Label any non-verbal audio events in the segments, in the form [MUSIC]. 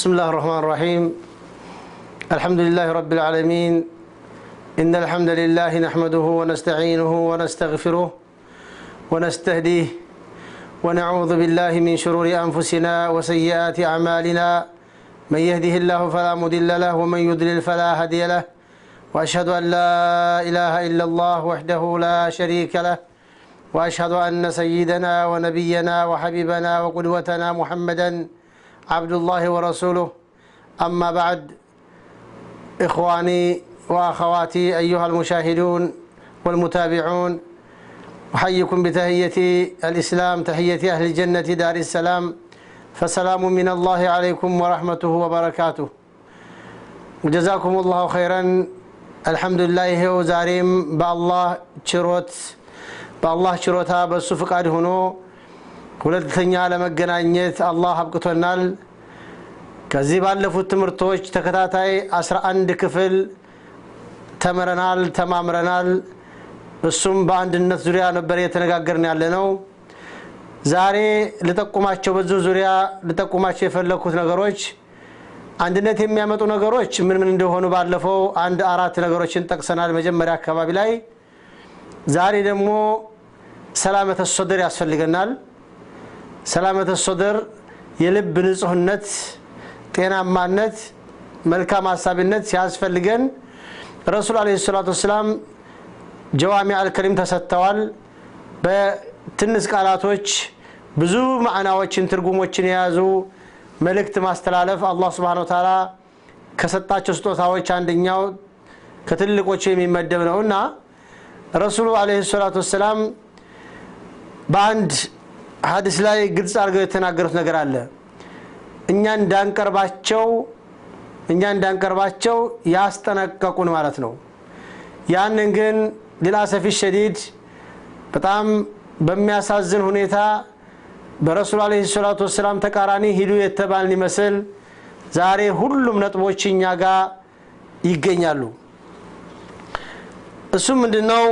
بسم الله الرحمن الرحيم الحمد لله رب العالمين إن الحمد لله نحمده ونستعينه ونستغفره ونستهديه ونعوذ بالله من شرور أنفسنا وسيئات أعمالنا من يهده الله فلا مضل له ومن يضلل فلا هادي له وأشهد أن لا إله إلا الله وحده لا شريك له وأشهد أن سيدنا ونبينا وحبيبنا وقدوتنا محمدًا عبد الله ورسوله أما بعد إخواني وأخواتي أيها المشاهدون والمتابعون أحييكم بتهية الإسلام تحية أهل الجنة دار السلام فسلام من الله عليكم ورحمته وبركاته جزاكم الله خيرا الحمد لله وزاريم بالله شروت بالله شروتها بس ችሮታ በእሱ ولد ثنيا ሁለተኛ ለመገናኘት الله አብቅቶናል ከዚህ ባለፉት ትምህርቶች ተከታታይ 11 ክፍል ተምረናል፣ ተማምረናል። እሱም በአንድነት ዙሪያ ነበር የተነጋገርን ያለ ነው። ዛሬ ልጠቁማቸው በዙ ዙሪያ ልጠቁማቸው የፈለግኩት ነገሮች አንድነት የሚያመጡ ነገሮች ምን ምን እንደሆኑ ባለፈው አንድ አራት ነገሮችን ጠቅሰናል መጀመሪያ አካባቢ ላይ። ዛሬ ደግሞ ሰላመተ ሶደር ያስፈልገናል። ሰላመተ ሶደር የልብ ንጹህነት ጤናማነት፣ መልካም ሀሳቢነት ሲያስፈልገን ረሱል አለ ሰላት ወሰላም ጀዋሚ አልከሪም ተሰጥተዋል። በትንስ ቃላቶች ብዙ ማዕናዎችን ትርጉሞችን የያዙ መልእክት ማስተላለፍ አላህ ስብን ታላ ከሰጣቸው ስጦታዎች አንደኛው ከትልቆቹ የሚመደብ ነው እና ረሱሉ አለ ሰላት ወሰላም በአንድ ሀዲስ ላይ ግልጽ አድርገው የተናገሩት ነገር አለ። እኛ እንዳንቀርባቸው እኛ እንዳንቀርባቸው ያስጠነቀቁን ማለት ነው። ያንን ግን ሰፊ ሸዲድ በጣም በሚያሳዝን ሁኔታ በረሱሉ አለይሂ ሰላቱ ወሰላም ተቃራኒ ሂዱ የተባልን ይመስል ዛሬ ሁሉም ነጥቦች እኛ ጋር ይገኛሉ። እሱም ምንድ ነው?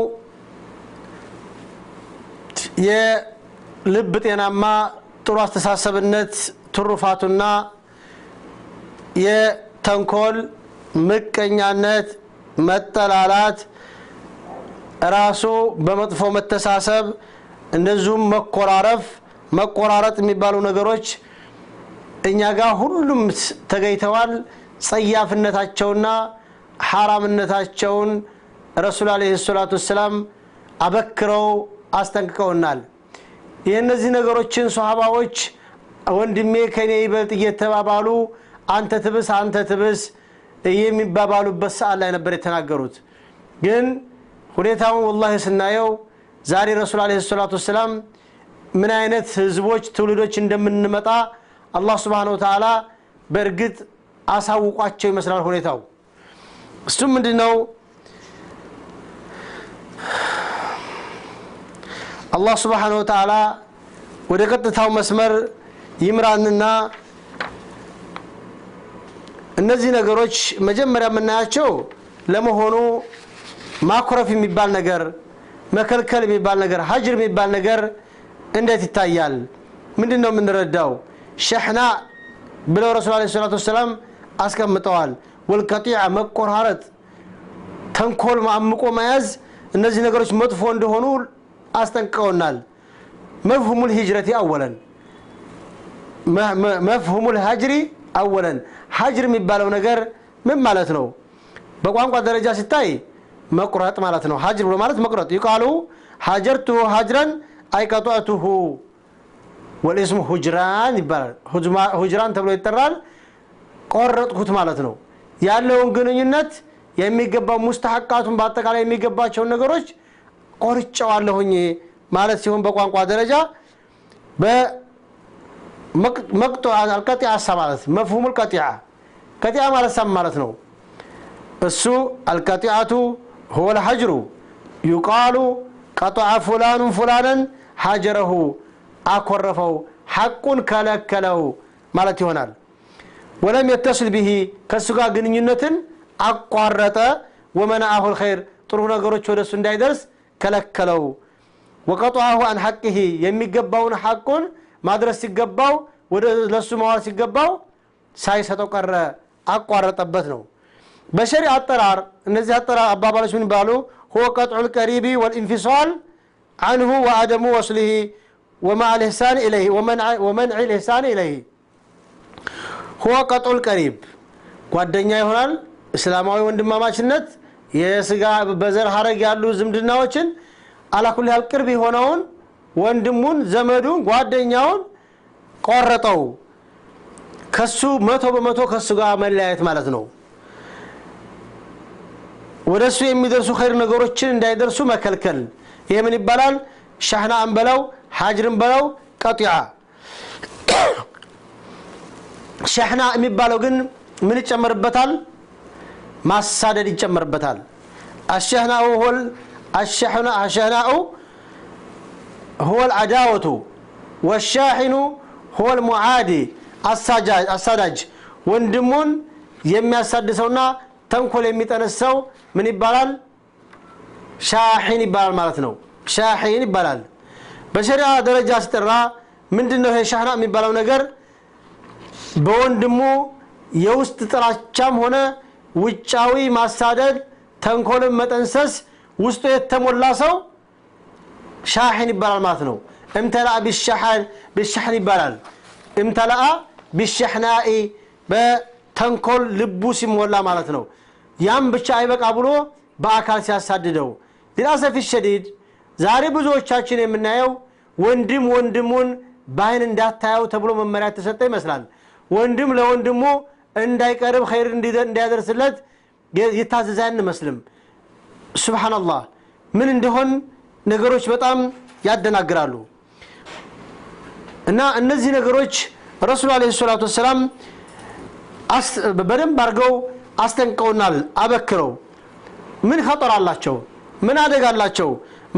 የልብ ጤናማ ጥሩ አስተሳሰብነት ትሩፋቱና የተንኮል ምቀኛነት፣ መጠላላት፣ ራሱ በመጥፎ መተሳሰብ፣ እንደዚሁም መኮራረፍ፣ መቆራረጥ የሚባሉ ነገሮች እኛ ጋር ሁሉም ተገኝተዋል። ጸያፍነታቸውና ሐራምነታቸውን ረሱል አለ ሰላቱ ወሰላም አበክረው አስጠንቅቀውናል። የእነዚህ ነገሮችን ሰሃባዎች ወንድሜ ከኔ ይበልጥ እየተባባሉ አንተ ትብስ አንተ ትብስ የሚባባሉበት ሰዓት ላይ ነበር የተናገሩት ግን ሁኔታውን ወላሂ ስናየው ዛሬ ረሱል አለ ሰላት ወሰላም ምን አይነት ህዝቦች ትውልዶች እንደምንመጣ አላህ ስብን ተላ በእርግጥ አሳውቋቸው ይመስላል ሁኔታው እሱም ምንድ ነው አላህ ስብን ተላ ወደ ቀጥታው መስመር ይምራንና እነዚህ ነገሮች መጀመሪያ የምናያቸው ለመሆኑ ማኩረፍ የሚባል ነገር መከልከል የሚባል ነገር ሀጅር የሚባል ነገር እንዴት ይታያል ምንድን ነው የምንረዳው ሸሕና ብለው ረሱል አለ ሰላት ወሰላም አስቀምጠዋል ወልቀጢዓ መቆራረጥ ተንኮል አምቆ መያዝ እነዚህ ነገሮች መጥፎ እንደሆኑ አስጠንቅቀውናል መፍሁሙል ሂጅረቲ አወለን መፍሁሙል ሀጅሪ አወለን ሀጅር የሚባለው ነገር ምን ማለት ነው? በቋንቋ ደረጃ ሲታይ መቁረጥ ማለት ነው። ሀጅር ብሎ ማለት መቁረጥ። ይቃሉ ሀጀርቱሁ ሀጅረን አይቀጧቱሁ ወልእስሙ ሁጅራን ይባላል። ሁጅራን ተብሎ ይጠራል። ቆረጥኩት ማለት ነው። ያለውን ግንኙነት የሚገባው ሙስተሐቃቱን በአጠቃላይ የሚገባቸውን ነገሮች ቆርጨዋለሁኝ ማለት ሲሆን በቋንቋ ደረጃ መቅጦ ሳ ማለት መፍሁሙል ቀጢዓ ቀጢዓ ማለት ሳም ማለት ነው። እሱ አልቀጢዓቱ ሁወል ሐጅሩ ዩቃሉ ቀጠዐ ፉላኑን ፉላንን ሀጀረሁ አኮረፈው፣ ሐቁን ከለከለው ማለት ይሆናል። ወለም የተስል ብሂ ከእሱ ጋር ግንኙነትን አቋረጠ። ወመናአሁ ልኸይር ጥሩ ነገሮች ወደ እሱ እንዳይደርስ ከለከለው። ወቀጠዐሁ አን ሐቅሂ የሚገባውን ሐቁን ማድረስ ሲገባው ወደ ለሱ መዋል ሲገባው ሳይሰጠው ቀረ አቋረጠበት ነው በሸሪ አጠራር እነዚህ አጠራር አባባሎች ምን ባሉ ሁወ ቀጥዑ ልቀሪቢ ወልኢንፊሳል አንሁ ወአደሙ ወስሊሂ ومع ልሕሳን إليه ومنع ومنع الإحسان إليه هو قطع ጓደኛ ይሆናል እስላማዊ ወንድማማችነት የስጋ በዘር ሀረግ ያሉ ዝምድናዎችን አላኩል ያህል ቅርብ የሆነውን ወንድሙን፣ ዘመዱን፣ ጓደኛውን ቆረጠው። ከሱ መቶ በመቶ ከሱ ጋር መለያየት ማለት ነው። ወደ እሱ የሚደርሱ ኸይር ነገሮችን እንዳይደርሱ መከልከል። ይህ ምን ይባላል? ሻህናእን በለው ሓጅርን በለው ቀጢዓ። ሻህና የሚባለው ግን ምን ይጨመርበታል? ማሳደድ ይጨመርበታል። አሸህናኡ هو العداوة والشاحن هو المعادي አሳዳጅ ወንድሙን የሚያሳድሰውና ተንኮል የሚጠነሰው ምን ይባላል? ሻሒን ይባላል ማለት ነው። ሻሒን ይባላል። በሸሪዓ ደረጃ ሲጠራ ምንድን ነው? ይሄ ሻህና የሚባለው ነገር በወንድሙ የውስጥ ጥላቻም ሆነ ውጫዊ ማሳደድ፣ ተንኮልን መጠንሰስ ውስጡ የተሞላ ሰው ሻሕን ይባላል ማለት ነው እምተላአ ብሻሕን ይባላል እምተላአ ብሸሕናኢ በተንኮል ልቡ ሲሞላ ማለት ነው ያም ብቻ አይበቃ ብሎ በአካል ሲያሳድደው ሊላሰፊ ሸዲድ ዛሬ ብዙዎቻችን የምናየው ወንድም ወንድሙን በአይን እንዳታየው ተብሎ መመሪያ ተሰጠ ይመስላል ወንድም ለወንድሙ እንዳይቀርብ ኸይር እንዳያደርስለት የታዘዘ አንመስልም ስብሓናላህ ምን እንደሆን ነገሮች በጣም ያደናግራሉ እና እነዚህ ነገሮች ረሱል አለ ሰላት ወሰላም በደንብ አድርገው አስጠንቀውናል አበክረው ምን ከጠር አላቸው? ምን አደጋ አላቸው?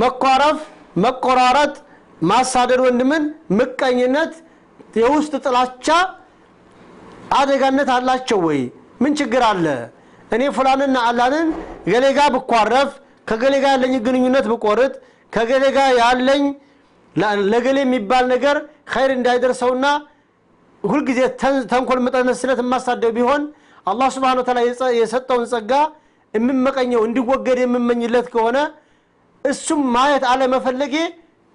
መኳረፍ፣ መቆራረጥ፣ ማሳደድ፣ ወንድምን ምቀኝነት፣ የውስጥ ጥላቻ አደጋነት አላቸው ወይ? ምን ችግር አለ? እኔ ፉላንና አላንን ገሌጋ ብኳረፍ፣ ከገሌጋ ያለኝ ግንኙነት ብቆርጥ ከገሌ ጋር ያለኝ ለገሌ የሚባል ነገር ኸይር እንዳይደርሰውና ሁልጊዜ ተንኮል መጠመስለት የማሳደው ቢሆን አላህ ስብሓነሁ ወተዓላ የሰጠውን ጸጋ የምመቀኘው እንዲወገድ የምመኝለት ከሆነ እሱም ማየት አለመፈለጌ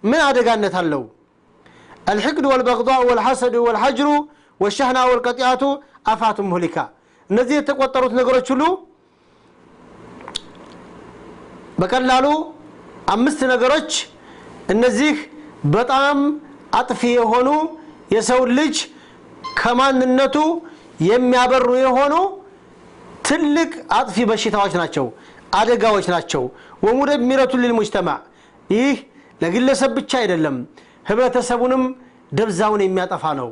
ምን አደጋነት አለው? አልሕቅድ ወልበግዳኡ ወልሐሰድ ወልሐጅሩ ወሻህና ወልቀጢአቱ አፋቱ ሙህሊካ እነዚህ የተቆጠሩት ነገሮች ሁሉ በቀላሉ አምስት ነገሮች እነዚህ በጣም አጥፊ የሆኑ የሰው ልጅ ከማንነቱ የሚያበሩ የሆኑ ትልቅ አጥፊ በሽታዎች ናቸው፣ አደጋዎች ናቸው። ወሙደሚረቱ ልልሙጅተማዕ ይህ ለግለሰብ ብቻ አይደለም፣ ህብረተሰቡንም ደብዛውን የሚያጠፋ ነው።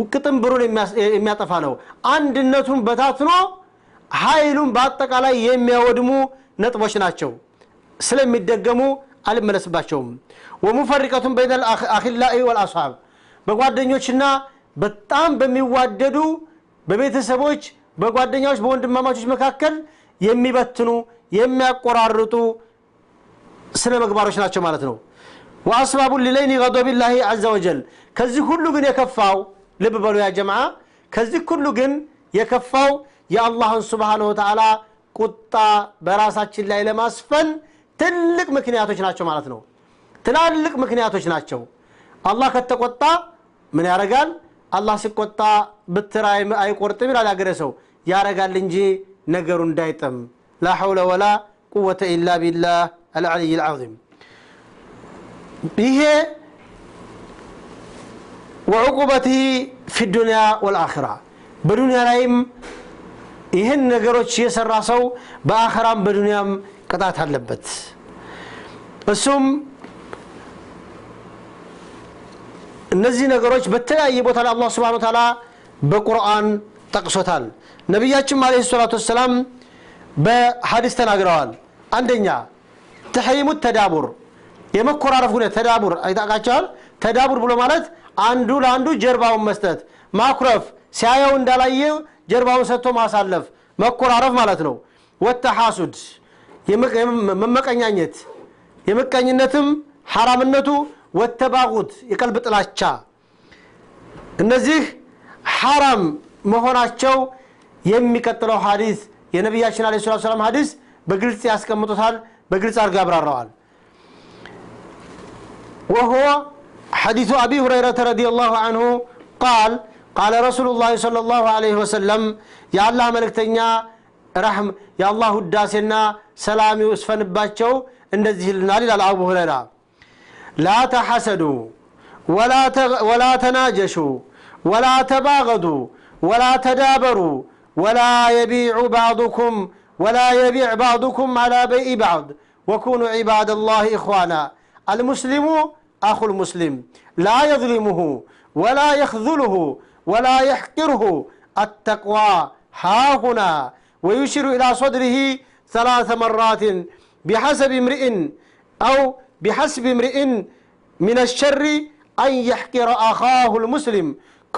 ውቅጥም ብሩን የሚያጠፋ ነው። አንድነቱን በታትኖ ኃይሉን በአጠቃላይ የሚያወድሙ ነጥቦች ናቸው። ስለሚደገሙ አልመለስባቸውም ወሙፈሪቀቱን በይነ አኪላኢ ወልአስሓብ በጓደኞችና በጣም በሚዋደዱ በቤተሰቦች በጓደኛዎች በወንድማማቾች መካከል የሚበትኑ የሚያቆራርጡ ስነ ምግባሮች ናቸው ማለት ነው ወአስባቡ ሊለይኒ ገዶቢላሂ አዘ ወጀል ከዚህ ሁሉ ግን የከፋው ልብ በሉ ያ ጀማ ከዚህ ሁሉ ግን የከፋው የአላህን ስብሓንሁ ተዓላ ቁጣ በራሳችን ላይ ለማስፈን ትልቅ ምክንያቶች ናቸው ማለት ነው ትላልቅ ምክንያቶች ናቸው አላህ ከተቆጣ ምን ያረጋል አላህ ሲቆጣ ብትር አይቆርጥም ይላል ያገረ ሰው ያረጋል እንጂ ነገሩ እንዳይጥም ላ ሐውለ ወላ ቁወተ ኢላ ቢላህ አልዓልይ ልዓዚም ይሄ ወዕቁበትህ ፊ ዱንያ ወልአኽራ በዱንያ ላይም ይህን ነገሮች የሰራ ሰው በአኸራም በዱንያም ቅጣት አለበት። እሱም እነዚህ ነገሮች በተለያየ ቦታ ላይ አላህ ስብን ታላ በቁርአን ጠቅሶታል። ነቢያችን አለ ሰላት ወሰላም በሀዲስ ተናግረዋል። አንደኛ ተሐይሙ ተዳቡር የመኮራረፍ ሁነት ተዳቡር አይታቃቸዋል። ተዳቡር ብሎ ማለት አንዱ ለአንዱ ጀርባውን መስጠት፣ ማኩረፍ፣ ሲያየው እንዳላየ ጀርባውን ሰጥቶ ማሳለፍ፣ መኮራረፍ ማለት ነው። ወተሐሱድ መመቀኛኘት የመቀኝነትም ሐራምነቱ ወተባጉት የቀልብ ጥላቻ እነዚህ ሐራም መሆናቸው የሚቀጥለው ሀዲስ የነቢያችን አለ ስላት ሰላም ሀዲስ በግልጽ ያስቀምጡታል በግልጽ አድርገው ያብራረዋል ወሆ ሐዲሱ አቢ ሁረይረተ ረዲየላሁ አንሁ ቃል ቃለ ረሱሉ ላህ ሰለላሁ ዐለይሂ ወሰለም የአላህ መልእክተኛ رحم يا الله الداسنا سلام يوسفن باتشو انزه النادي لابو هريرة لا تحسدوا ولا تغ... ولا تناجشوا ولا تباغضوا ولا تدابروا ولا يبيع بعضكم ولا يبيع بعضكم على بيع بعض وكونوا عباد الله اخوانا المسلم اخو المسلم لا يظلمه ولا يخذله ولا يحقره التقوى ها هنا ويشير إلى صدره ثلاث مرات بحسب امرئ أو بحسب امرئ من الشر أن يحقر أخاه المسلم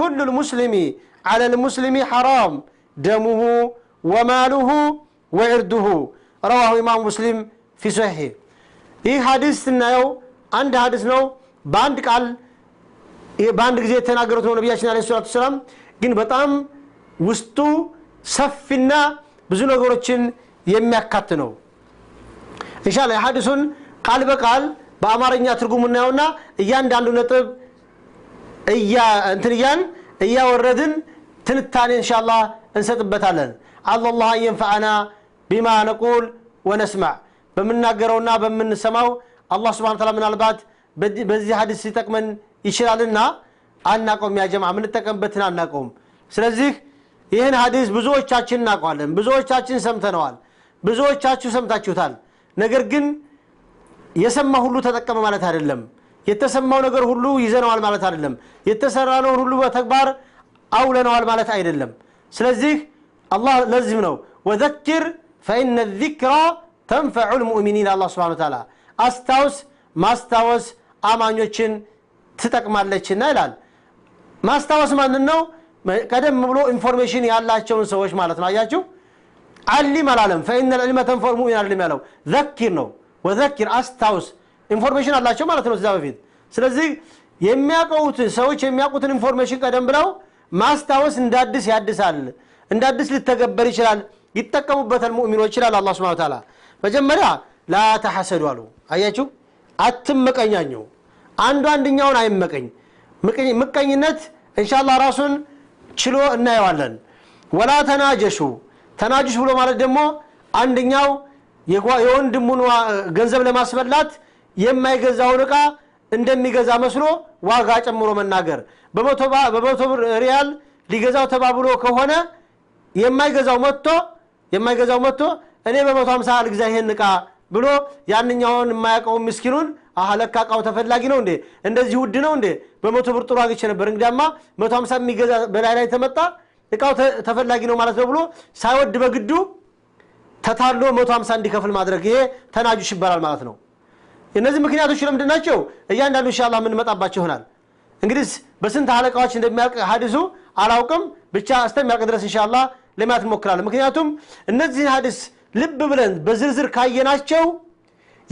كل المسلم على المسلم حرام دمه وماله وعرده رواه إمام مسلم في صحيح ይህ ሀዲስ ስናየው አንድ ሀዲስ ነው በአንድ ቃል በአንድ ጊዜ የተናገሩት ነው ነቢያችን አለ ሰላቱ ሰላም ግን በጣም ውስጡ ሰፊና ብዙ ነገሮችን የሚያካት ነው እንሻ እንሻላ ሀዲሱን ቃል በቃል በአማርኛ ትርጉሙ እናየውና እያንዳንዱ ነጥብ እንትን እያን እያወረድን ትንታኔ እንሻላ እንሰጥበታለን አላላህ የንፈዓና ቢማ ነቁል ወነስማዕ በምናገረውና በምንሰማው አላ ስብን ታላ ምናልባት በዚህ ሀዲስ ሲጠቅመን ይችላልና አናቀውም ያጀማ ምንጠቀምበትን አናቀውም ስለዚህ ይህን ሀዲስ ብዙዎቻችን እናውቀዋለን፣ ብዙዎቻችን ሰምተነዋል፣ ብዙዎቻችሁ ሰምታችሁታል። ነገር ግን የሰማ ሁሉ ተጠቀመ ማለት አይደለም። የተሰማው ነገር ሁሉ ይዘነዋል ማለት አይደለም። የተሰራነውን ሁሉ በተግባር አውለነዋል ማለት አይደለም። ስለዚህ አላህ ለዚህም ነው ወዘኪር ፈኢነ ዚክራ ተንፈዑ ልሙእሚኒን አላህ ስብሐነ ወተዓላ አስታውስ፣ ማስታወስ አማኞችን ትጠቅማለችና ይላል። ማስታወስ ማንን ነው? ቀደም ብሎ ኢንፎርሜሽን ያላቸውን ሰዎች ማለት ነው አያችሁ አሊም አላለም ፈኢነ ልዕልመ ተንፈር ሙሚን አልም ያለው ዘኪር ነው ወዘኪር አስታውስ ኢንፎርሜሽን አላቸው ማለት ነው እዛ በፊት ስለዚህ የሚያውቀውት ሰዎች የሚያውቁትን ኢንፎርሜሽን ቀደም ብለው ማስታወስ እንዳዲስ ያድሳል እንዳዲስ ሊተገበር ይችላል ይጠቀሙበታል ሙእሚኖች ይችላል አላ ስብን ታላ መጀመሪያ ላ ተሐሰዱ አሉ አያችሁ አትመቀኛኘው አንዱ አንድኛውን አይመቀኝ ምቀኝነት እንሻላ ራሱን ችሎ እናየዋለን። ወላ ተናጀሹ ተናጅሽ ብሎ ማለት ደግሞ አንደኛው የወንድሙን ገንዘብ ለማስበላት የማይገዛውን ዕቃ እንደሚገዛ መስሎ ዋጋ ጨምሮ መናገር። በመቶ ብር ሪያል ሊገዛው ተባብሎ ከሆነ የማይገዛው መጥቶ የማይገዛው መጥቶ እኔ በመቶ ሀምሳ ልግዛ ይሄን ዕቃ ብሎ ያንኛውን የማያውቀውን ምስኪኑን አለካ እቃው ተፈላጊ ነው እንዴ? እንደዚህ ውድ ነው እንዴ? በመቶ ብር ጥሩ አግኝቼ ነበር። እንግዲያማ መቶ ሀምሳ የሚገዛ በላይ ላይ ተመጣ እቃው ተፈላጊ ነው ማለት ነው ብሎ ሳይወድ በግዱ ተታሎ መቶ ሀምሳ እንዲከፍል ማድረግ ይሄ ተናጁሽ ይባላል ማለት ነው። እነዚህ ምክንያቶች ለምንድን ናቸው? እያንዳንዱ እንሻላ የምንመጣባቸው ይሆናል። እንግዲህ በስንት አለቃዎች እንደሚያልቅ ሀዲሱ አላውቅም፣ ብቻ እስከሚያልቅ ድረስ እንሻላ ለማየት እንሞክራለን። ምክንያቱም እነዚህን ሀዲስ ልብ ብለን በዝርዝር ካየናቸው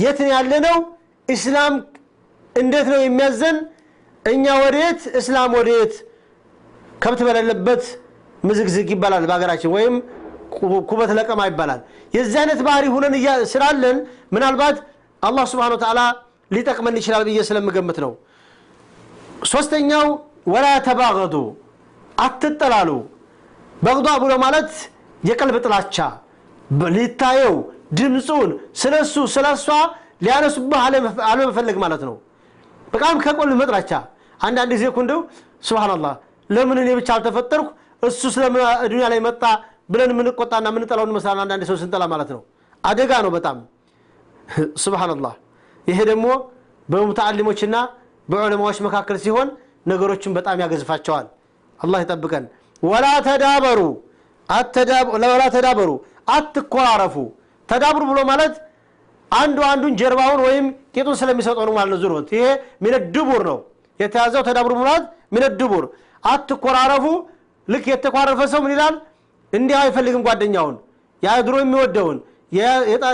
የትን ያለ ነው ኢስላም እንዴት ነው የሚያዘን? እኛ ወዴት እስላም ወዴት? ከብት በሌለበት ምዝግዝግ ይባላል በሀገራችን፣ ወይም ኩበት ለቀማ ይባላል። የዚህ አይነት ባህሪ ሁነን ስላለን ምናልባት አላህ ስብሃነ ወተዓላ ሊጠቅመን ይችላል ብዬ ስለምገምት ነው። ሶስተኛው ወላ ተባገዱ አትጠላሉ። በግዷ ብሎ ማለት የቀልብ ጥላቻ ሊታየው ድምፁን ስለሱ ስለሷ ሊያነሱብህ አለመፈለግ ማለት ነው በቃም ከቆል መጥራቻ አንዳንድ ጊዜ እኮ እንደው ለምን እኔ ብቻ አልተፈጠርኩ እሱ ስለምን ዱኒያ ላይ መጣ ብለን የምንቆጣና ምንጠላው መስላን አንዳንድ ሰው ስንጠላ ማለት ነው አደጋ ነው በጣም ስብናላህ [LAUGHS] ይሄ ደግሞ በሙተዓሊሞችና በዑለማዎች መካከል ሲሆን ነገሮችን በጣም ያገዝፋቸዋል አላህ ይጠብቀን ወላ ተዳበሩ ወላ ተዳበሩ አትኮራረፉ ተዳብሩ ብሎ ማለት አንዱ አንዱን ጀርባውን ወይም ጌጡን ስለሚሰጠው ነው ማለት ነው። ዝሩት ይሄ ምን ድቡር ነው የተያዘው ተዳብሩ ማለት ምን ድቡር አትኮራረፉ። ልክ የተኮራረፈ ሰው ምን ይላል? እንዲህ አይፈልግም ጓደኛውን ያ ድሮ የሚወደውን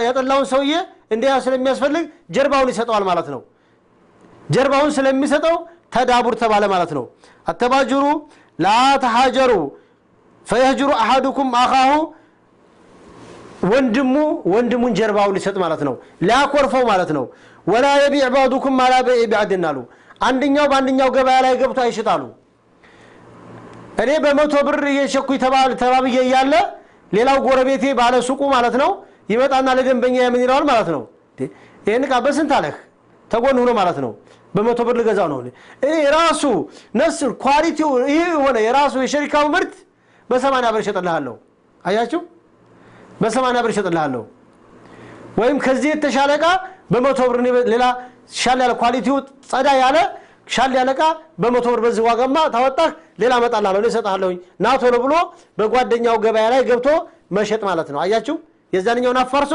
የጠላውን ሰውዬ እንዲህ ስለሚያስፈልግ ጀርባውን ይሰጠዋል ማለት ነው። ጀርባውን ስለሚሰጠው ተዳቡር ተባለ ማለት ነው። አተባጅሩ ላ ተሃጀሩ ፈየህጅሩ አሐዱኩም አኻሁ ወንድሙ ወንድሙን ጀርባው ሊሰጥ ማለት ነው ሊያኮርፈው ማለት ነው ወላ የቢዕ ባዕዱኩም ማላ በይዕ ቢዕድን አሉ አንደኛው በአንደኛው ገበያ ላይ ገብቶ አይሽጣሉ እኔ በመቶ ብር እየሸኩ ተባብዬ እያለ ሌላው ጎረቤቴ ባለ ሱቁ ማለት ነው ይመጣና ለደንበኛ የምን ይለዋል ማለት ነው ይህን ቃ በስንት አለህ ተጎን ሆኖ ማለት ነው በመቶ ብር ልገዛው ነው እኔ ራሱ ነስር ኳሊቲው ይህ የሆነ የራሱ የሸሪካው ምርት በሰማንያ ብር እሸጥልሃለሁ አያችሁ በሰማንያ ብር ይሸጥልሃለሁ ወይም ከዚህ የተሻለ እቃ በመቶ ብር ሌላ ሻል ያለ ኳሊቲው ጸዳ ያለ ሻል ያለ እቃ በመቶ ብር በዚህ ዋጋማ ታወጣህ ሌላ እመጣልሃለሁ እሰጥሃለሁኝ ና ቶሎ ብሎ በጓደኛው ገበያ ላይ ገብቶ መሸጥ ማለት ነው አያችሁ የዛንኛውን አፋርሶ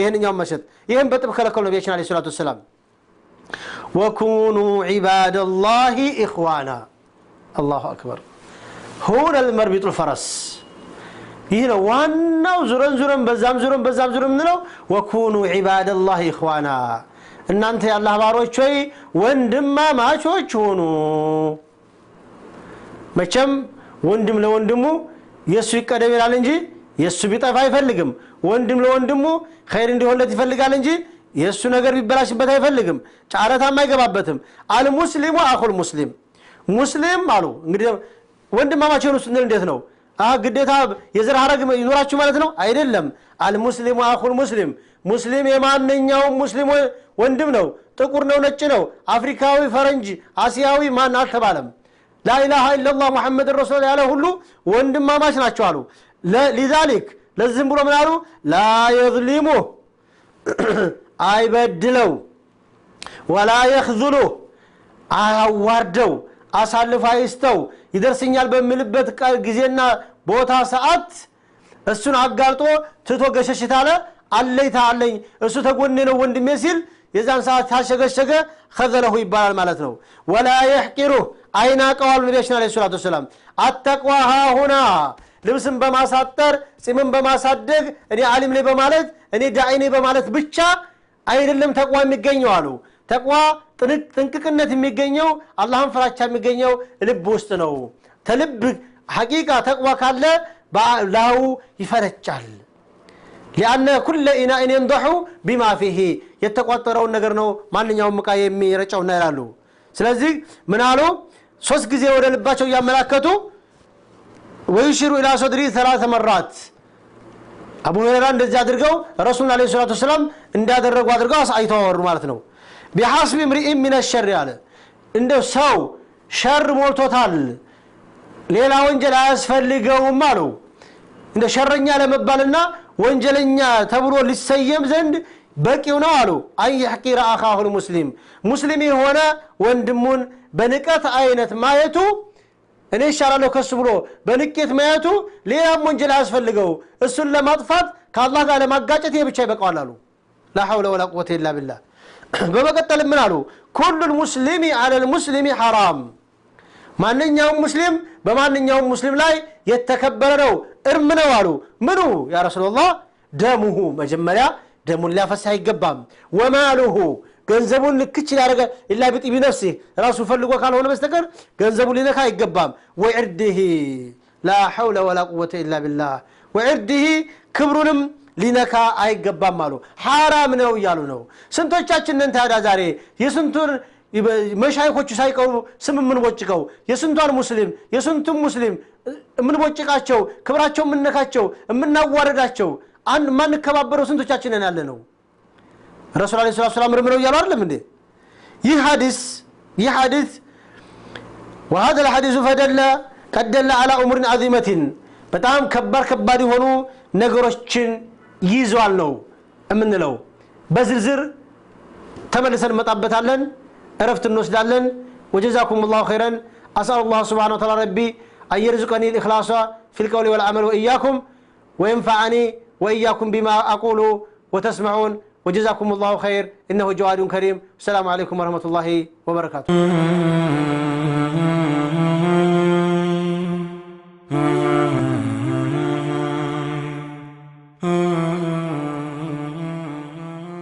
ይህንኛውን መሸጥ ይህም በጥብ ከለከሉ ነቢያችን አለ ሰላቱ ወሰላም ወኩኑ ዒባድ ላህ ኢኽዋና አላሁ አክበር ሁነ ልመርቢጡ ልፈረስ ይህ ነው ዋናው። ዙረን ዙረን በዛም ዙረን በዛም ዙረን ምንለው ወኩኑ ዒባደላህ ኢኽዋና እናንተ የአላህ ባሮች ወንድማ ወንድማማቾች ሆኑ። መቼም ወንድም ለወንድሙ የእሱ ይቀደም ይላል እንጂ የእሱ ቢጠፋ አይፈልግም። ወንድም ለወንድሙ ኸይር እንዲሆንለት ይፈልጋል እንጂ የእሱ ነገር ቢበላሽበት አይፈልግም። ጫረታም አይገባበትም። አልሙስሊሙ አኹል ሙስሊም ሙስሊም አሉ። እንግዲህ ወንድማማቸውን ስንል እንዴት ነው? ግዴታ የዘር ሐረግ ይኖራችሁ ማለት ነው አይደለም። አልሙስሊሙ አኹል ሙስሊም ሙስሊም የማንኛውም ሙስሊም ወንድም ነው። ጥቁር ነው፣ ነጭ ነው፣ አፍሪካዊ፣ ፈረንጅ፣ አሲያዊ ማን አልተባለም። ላኢላሃ ኢለላህ ሙሐመድን ረሱል ያለ ሁሉ ወንድማማች ናቸው አሉ። ሊዛሊክ ለዚህም ብሎ ምን አሉ? ላ አይበድለው፣ ወላ የክዝሉ አያዋርደው፣ አሳልፎ አይስተው ይደርስኛል በሚልበት ጊዜና ቦታ ሰዓት እሱን አጋልጦ ትቶ ገሸሽታለ አለይታ አለኝ እሱ ተጎኔ ነው ወንድሜ ሲል የዛን ሰዓት ታሸገሸገ ከዘለሁ ይባላል ማለት ነው ወላ የሕቂሩህ አይናቀዋሉ ነቢያችን አለ ሰላቱ ወሰላም አተቅዋ ሁና ልብስን በማሳጠር ፂምን በማሳደግ እኔ አሊም ላይ በማለት እኔ ዳዒ በማለት ብቻ አይደለም ተቋ የሚገኘው አሉ ተቅዋ ጥንቅቅነት የሚገኘው አላህን ፍራቻ የሚገኘው ልብ ውስጥ ነው። ተልብ ሐቂቃ ተቅዋ ካለ ላው ይፈረጫል። ሊአነ ኩለ ኢናኢን የንደሑ ቢማ ፊሂ የተቋጠረውን ነገር ነው ማንኛውም ዕቃ የሚረጨውና ይላሉ። ስለዚህ ምናሉ ሶስት ጊዜ ወደ ልባቸው እያመላከቱ ወይሽሩ ኢላ ሶድሪ ሰላተ መራት አቡ ሁረይራ እንደዚህ አድርገው ረሱሉን ዓለይሂ ሰላቱ ወሰላም እንዳደረጉ አድርገው አይተዋወሩ ማለት ነው። ቢሐስቢ ምርኢም ምን ሸር አለ እንደ ሰው ሸር ሞልቶታል፣ ሌላ ወንጀል አያስፈልገውም አለው። እንደ ሸረኛ ለመባልና ወንጀለኛ ተብሎ ሊሰየም ዘንድ በቂው ነው አሉ። አንየሕቂረ አኻሁል ሙስሊም ሙስሊም የሆነ ወንድሙን በንቀት አይነት ማየቱ እኔ ይሻላለሁ ከሱ ብሎ በንቄት ማየቱ ሌላም ወንጀል አያስፈልገው፣ እሱን ለማጥፋት ከአላህ ጋር ለማጋጨት ይሄ ብቻ ይበቃዋል አሉ። ላ ሐውለ ወላ ቁወት ኢላ ቢላህ በመቀጠል ምን አሉ ኩሉል ሙስሊሚ አለል ሙስሊሚ ሐራም ማንኛውም ሙስሊም በማንኛውም ሙስሊም ላይ የተከበረ ነው እርም ነው አሉ ምኑ ያ ረሱላላህ ደሙሁ መጀመሪያ ደሙን ሊያፈስ አይገባም ወማሉሁ ገንዘቡን ልክች ሊያደረገ ላ ብጢ ቢነፍሲህ ራሱ ፈልጎ ካልሆነ በስተቀር ገንዘቡ ሊነካ አይገባም ወዕርድህ ላ ሐውለ ወላ ቁወተ ኢላ ቢላህ ወዕርድህ ክብሩንም ሊነካ አይገባም አሉ። ሐራም ነው እያሉ ነው። ስንቶቻችን ነን ታዲያ ዛሬ የስንቱን መሻይኮቹ ሳይቀሩ ስም የምንቦጭቀው የስንቷን ሙስሊም የስንቱን ሙስሊም የምንቦጭቃቸው ክብራቸው የምንነካቸው የምናዋረዳቸው አንድ ማንከባበረው ስንቶቻችን ያለ ነው። ረሱል ዐለይሂ ስላ ስላም ርምረው እያሉ አይደለም እንዴ? ይህ ሀዲስ ይህ ሀዲስ وهذا الحديث فدل قد دل على امور عظيمه በጣም ከባድ ከባድ የሆኑ ነገሮችን ይዟል ነው የምንለው በዝርዝር ተመልሰን عرفت النوس دالن وجزاكم الله خيرا أسأل الله سبحانه وتعالى ربي أن يرزقني الإخلاص في القول والعمل وإياكم وينفعني وإياكم بما أقول وتسمعون وجزاكم الله خير إنه جواد كريم السلام عليكم ورحمة الله وبركاته